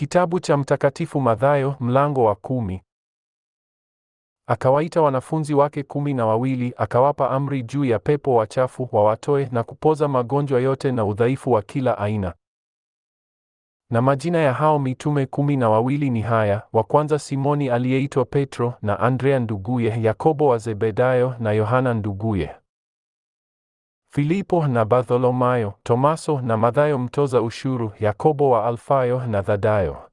Kitabu cha Mtakatifu Mathayo mlango wa kumi. Akawaita wanafunzi wake kumi na wawili, akawapa amri juu ya pepo wachafu wawatoe na kupoza magonjwa yote na udhaifu wa kila aina. Na majina ya hao mitume kumi na wawili ni haya: wa kwanza Simoni aliyeitwa Petro, na Andrea nduguye, Yakobo wa Zebedayo, na Yohana nduguye, Filipo na Bartholomayo, Tomaso na Mathayo mtoza ushuru, Yakobo wa Alfayo na Thadayo,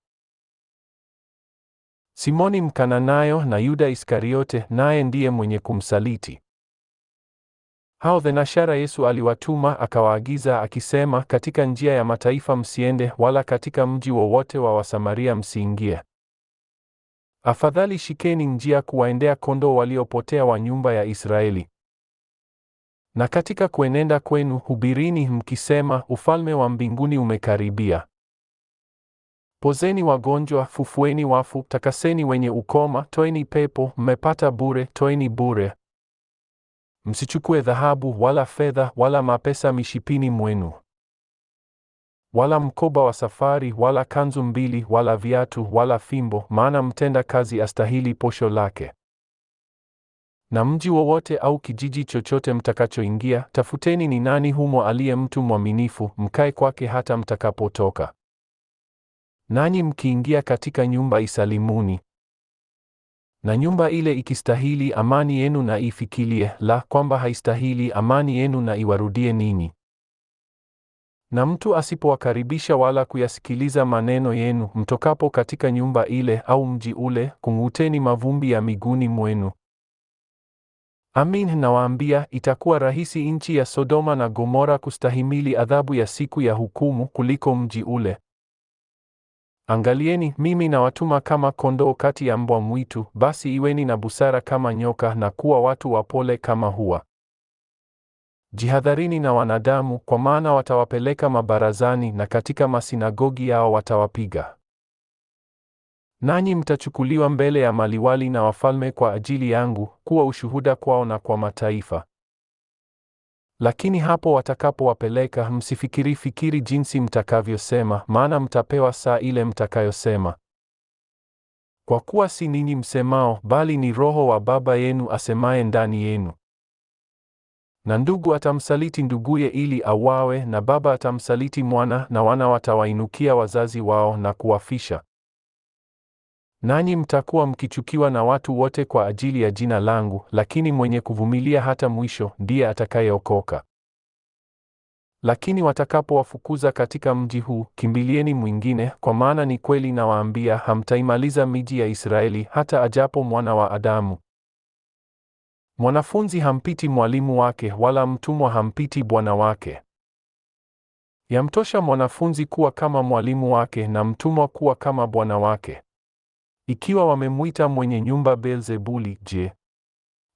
Simoni Mkananayo na Yuda Iskariote, naye ndiye mwenye kumsaliti. Hao thenashara Yesu aliwatuma akawaagiza akisema, katika njia ya mataifa msiende, wala katika mji wowote wa Wasamaria msiingie. Afadhali shikeni njia kuwaendea kondoo waliopotea wa nyumba ya Israeli. Na katika kuenenda kwenu hubirini mkisema, ufalme wa mbinguni umekaribia. Pozeni wagonjwa, fufueni wafu, takaseni wenye ukoma, toeni pepo, mmepata bure, toeni bure. Msichukue dhahabu wala fedha wala mapesa mishipini mwenu, wala mkoba wa safari wala kanzu mbili wala viatu wala fimbo, maana mtenda kazi astahili posho lake. Na mji wowote au kijiji chochote mtakachoingia, tafuteni ni nani humo aliye mtu mwaminifu, mkae kwake hata mtakapotoka. Nanyi mkiingia katika nyumba isalimuni. Na nyumba ile ikistahili amani yenu na ifikilie, la kwamba haistahili amani yenu na iwarudie ninyi. Na mtu asipowakaribisha wala kuyasikiliza maneno yenu, mtokapo katika nyumba ile au mji ule, kung'uteni mavumbi ya miguuni mwenu. Amin, nawaambia itakuwa rahisi nchi ya Sodoma na Gomora kustahimili adhabu ya siku ya hukumu kuliko mji ule. Angalieni, mimi nawatuma kama kondoo kati ya mbwa mwitu, basi iweni na busara kama nyoka na kuwa watu wapole kama hua. Jihadharini na wanadamu, kwa maana watawapeleka mabarazani na katika masinagogi yao watawapiga nanyi mtachukuliwa mbele ya maliwali na wafalme kwa ajili yangu, kuwa ushuhuda kwao na kwa mataifa. Lakini hapo watakapowapeleka, msifikiri fikiri jinsi mtakavyosema, maana mtapewa saa ile mtakayosema, kwa kuwa si ninyi msemao, bali ni Roho wa Baba yenu asemaye ndani yenu. Na ndugu atamsaliti nduguye ili awawe na baba atamsaliti mwana, na wana watawainukia wazazi wao na kuwafisha. Nanyi mtakuwa mkichukiwa na watu wote kwa ajili ya jina langu, lakini mwenye kuvumilia hata mwisho ndiye atakayeokoka. Lakini watakapowafukuza katika mji huu, kimbilieni mwingine, kwa maana ni kweli nawaambia, hamtaimaliza miji ya Israeli hata ajapo mwana wa Adamu. Mwanafunzi hampiti mwalimu wake, wala mtumwa hampiti bwana wake. Yamtosha mwanafunzi kuwa kama mwalimu wake, na mtumwa kuwa kama bwana wake. Ikiwa wamemwita mwenye nyumba Beelzebuli, je,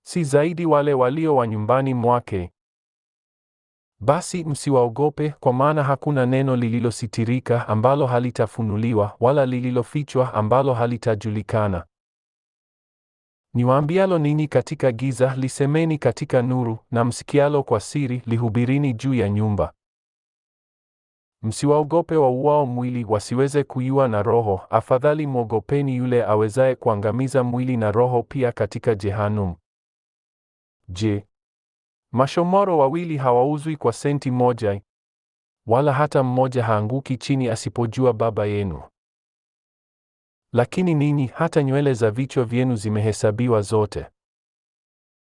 si zaidi wale walio wa nyumbani mwake? Basi msiwaogope, kwa maana hakuna neno lililositirika ambalo halitafunuliwa, wala lililofichwa ambalo halitajulikana. Niwaambialo ninyi katika giza, lisemeni katika nuru, na msikialo kwa siri, lihubirini juu ya nyumba. Msiwaogope wauao mwili, wasiweze kuiwa na roho; afadhali mwogopeni yule awezaye kuangamiza mwili na roho pia katika jehanum. Je, mashomoro wawili hawauzwi kwa senti moja? Wala hata mmoja haanguki chini asipojua Baba yenu. Lakini ninyi hata nywele za vichwa vyenu zimehesabiwa zote.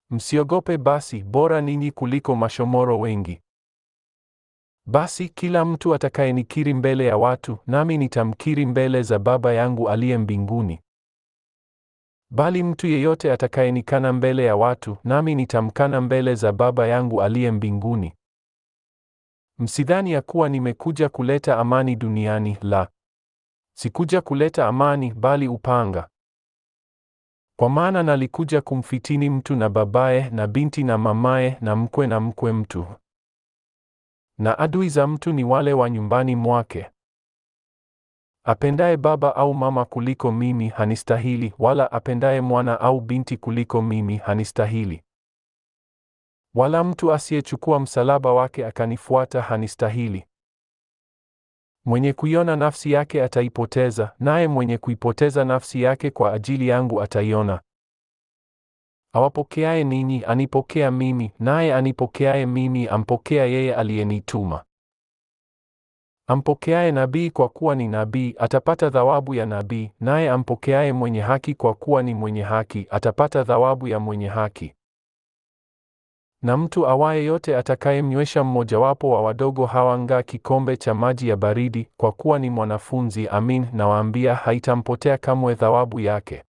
Msiogope basi, bora ninyi kuliko mashomoro wengi. Basi kila mtu atakayenikiri mbele ya watu, nami nitamkiri mbele za Baba yangu aliye mbinguni. Bali mtu yeyote atakayenikana mbele ya watu, nami nitamkana mbele za Baba yangu aliye mbinguni. Msidhani ya kuwa nimekuja kuleta amani duniani; la, sikuja kuleta amani, bali upanga. Kwa maana nalikuja kumfitini mtu na babaye na binti na mamaye na mkwe na mkwe mtu na adui za mtu ni wale wa nyumbani mwake. Apendaye baba au mama kuliko mimi hanistahili, wala apendaye mwana au binti kuliko mimi hanistahili, wala mtu asiyechukua msalaba wake akanifuata hanistahili. Mwenye kuiona nafsi yake ataipoteza, naye mwenye kuipoteza nafsi yake kwa ajili yangu ataiona. Awapokeaye ninyi anipokea mimi, naye anipokeaye mimi ampokea yeye aliyenituma. Ampokeaye nabii kwa kuwa ni nabii atapata thawabu ya nabii, naye ampokeaye mwenye haki kwa kuwa ni mwenye haki atapata thawabu ya mwenye haki. Na mtu awaye yote atakayemnywesha mmojawapo wa wadogo hawa ngaa kikombe cha maji ya baridi, kwa kuwa ni mwanafunzi, amin nawaambia, haitampotea kamwe thawabu yake.